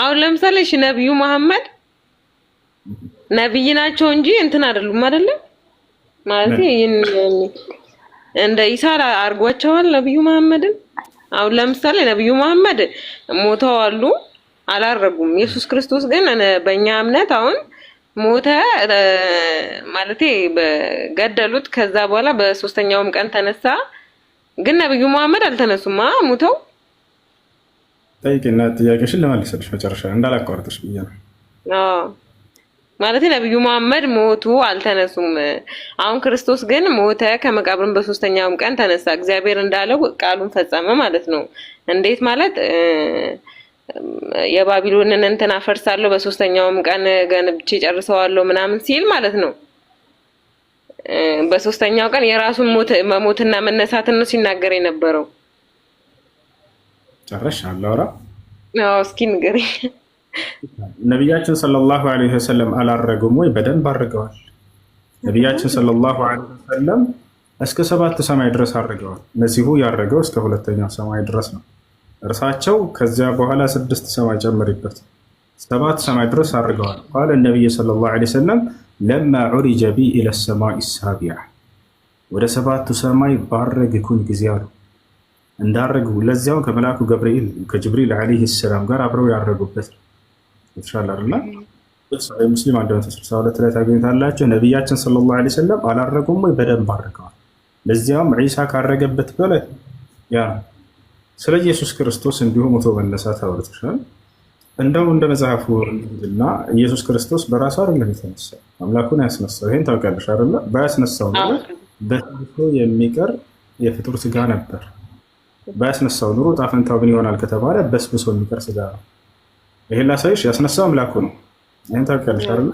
አሁን ለምሳሌ እሺ ነብዩ መሐመድ ነብይ ናቸው እንጂ እንትን አይደሉም አይደለ? ማለት እንደ ኢሳ አድርጓቸዋል ነብዩ መሐመድን። አሁን ለምሳሌ ነብዩ መሐመድ አሉ አላረጉም። ኢየሱስ ክርስቶስ ግን በእኛ እምነት አሁን ሞተ ማለት በገደሉት ከዛ በኋላ በሶስተኛውም ቀን ተነሳ። ግን ነብዩ መሐመድ አልተነሱማ ሞተው ጠይቂና ጥያቄሽን ልመልስልሽ መጨረሻ እንዳላቋርጥሽ ብዬ ነው። ማለት ነብዩ መሐመድ ሞቱ አልተነሱም። አሁን ክርስቶስ ግን ሞተ ከመቃብርን በሶስተኛውም ቀን ተነሳ፣ እግዚአብሔር እንዳለው ቃሉን ፈጸመ ማለት ነው። እንዴት ማለት የባቢሎንን እንትን አፈርሳለሁ በሶስተኛውም ቀን ገንብቼ ጨርሰዋለሁ ምናምን ሲል ማለት ነው። በሶስተኛው ቀን የራሱን መሞትና መነሳትን ነው ሲናገር የነበረው። ጨረሻ አላውራ እስኪ ንገሪኝ። ነቢያችን ሰለላሁ ዐለይሂ ወሰለም አላረጉም ወይ? በደንብ አድርገዋል። ነቢያችን ሰለላሁ ዐለይሂ ወሰለም እስከ ሰባት ሰማይ ድረስ አድርገዋል። መሲሁ ያረገው እስከ ሁለተኛው ሰማይ ድረስ ነው። እርሳቸው ከዚያ በኋላ ስድስት ሰማይ ጨምሪበት ሰባት ሰማይ ድረስ አድርገዋል። ቃለ ነቢይ ሰለላሁ ዐለይሂ ወሰለም ለማ ዑሪጀ ቢ ኢለ ሰማይ ሳቢያ ወደ ሰባቱ ሰማይ ባረግኩኝ ጊዜ አሉ እንዳረጉ ለዚያው ከመልአኩ ገብርኤል ከጅብሪል ዓለይሂ ሰላም ጋር አብረው ያረጉበት የተሻለ አላ ሙስሊም 162 ላይ ታገኙታላችሁ። ነቢያችን ሰለላሁ ዓለይሂ ወሰለም አላረጉም ወይ? በደንብ አርገዋል። ለዚያውም ዒሳ ካረገበት በላይ ያ ስለ ኢየሱስ ክርስቶስ እንዲሁ ሞቶ መነሳ ታወርትሻል። እንደው እንደ መጽሐፉ እና ኢየሱስ ክርስቶስ በራሱ አይደለም የተነሳ አምላኩን ያስነሳው። ይሄን ታውቃለሽ አይደለ? ባያስነሳው ነው በሰው የሚቀር የፍጡር ስጋ ነበር። ባያስነሳው ኑሮ ጣፈንታው ግን ይሆናል ከተባለ በስብሶ የሚቀር ስጋ ነው። ይሄን ላሳይሽ። ያስነሳው አምላኩ ነው። ይህን ታውቂያለሽ አይደለ?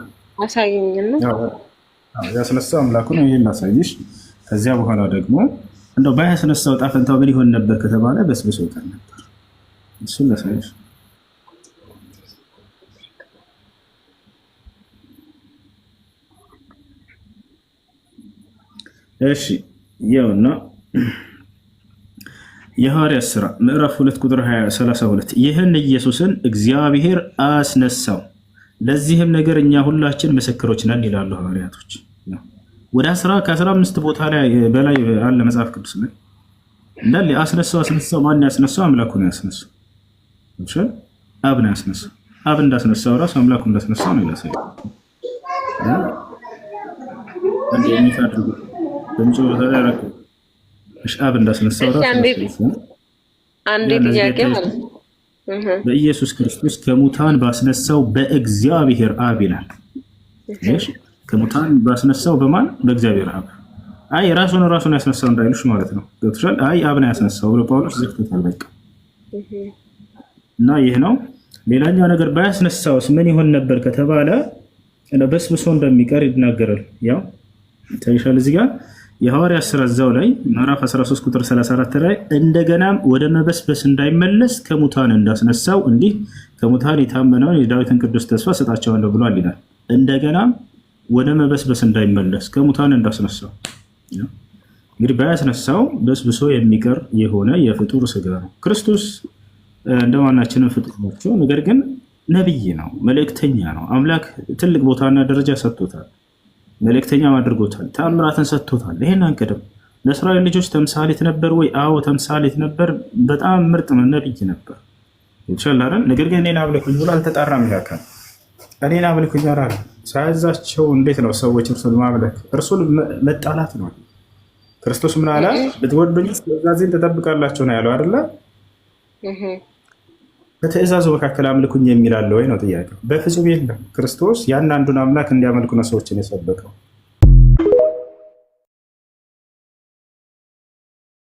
ያስነሳው አምላኩ ነው። ይህን ላሳይሽ። ከዚያ በኋላ ደግሞ እንደው ባያስነሳው ጣፈንታው ምን ይሆን ነበር ከተባለ በስብሶ ይቀር ነበር። እሱን ላሳይሽ። እሺ ይኸውና የሐዋርያት ሥራ ምዕራፍ 2 ቁጥር 32 ይህን ኢየሱስን እግዚአብሔር አስነሳው፣ ለዚህም ነገር እኛ ሁላችን ምስክሮች ነን ይላሉ ሐዋርያቶች። ወደ ከ15 ቦታ ላይ በላይ አለ መጽሐፍ ቅዱስ ላይ እንዳለ አስነሳው፣ አስነሳው። ማን ያስነሳው? አምላኩ ነው ያስነሳው። አብ ነው ያስነሳው። አብ እንዳስነሳው ራሱ አምላኩ እንዳስነሳው ነው ይላል። በሚጽ ቦታ ላይ አብ እንዳስነሳው በኢየሱስ ክርስቶስ ከሙታን ባስነሳው በእግዚአብሔር አብ ይላል። ከሙታን ባስነሳው በማን በእግዚአብሔር አብ። አይ ራሱን ራሱን ያስነሳው እንዳይሉሽ ማለት ነው። ገብቶሻል? አይ አብን ያስነሳው ብሎ ጳውሎስ ዘግቶታል። በቃ እና ይህ ነው። ሌላኛው ነገር ባያስነሳውስ ምን ይሆን ነበር ከተባለ በስብሶ እንደሚቀር ይናገራል። ያው ታይሻል እዚህ ጋር የሐዋርያ ሥራ እዛው ላይ ምዕራፍ 13 ቁጥር 34 ላይ እንደገናም ወደ መበስበስ እንዳይመለስ ከሙታን እንዳስነሳው እንዲህ ከሙታን የታመነውን የዳዊትን ቅዱስ ተስፋ ሰጣቸዋለሁ ብሏል ይላል። እንደገናም ወደ መበስበስ እንዳይመለስ ከሙታን እንዳስነሳው እንግዲህ ባያስነሳው በስብሶ የሚቀር የሆነ የፍጡር ስጋ ነው። ክርስቶስ እንደማናችንም ፍጡር ናቸው። ነገር ግን ነቢይ ነው፣ መልእክተኛ ነው። አምላክ ትልቅ ቦታና ደረጃ ሰጥቶታል። መልእክተኛም አድርጎታል። ተአምራትን ሰጥቶታል። ይሄን አንቀድም። ለእስራኤል ልጆች ተምሳሌት ነበር ወይ? አዎ ተምሳሌት ነበር። በጣም ምርጥ ነብይ ነበር። ይቻላል። ነገር ግን እኔን አምልኩኝ ብሎ አልተጣራም። ያካል እኔን አምልኩኝ አላለ። ሳያዛቸው እንዴት ነው ሰዎች እርሱን ማምለክ? እርሱን መጣላት ነው። ክርስቶስ ምን አለ? ብትወዱኝ ትእዛዜን ትጠብቃላችሁ ነው ያለው አይደለ? ከትእዛዙ መካከል አምልኩኝ የሚላለ ወይ ነው ጥያቄው። በፍጹም የለም። ክርስቶስ ያንዳንዱን አምላክ እንዲያመልኩ ነው ሰዎችን የሰበከው።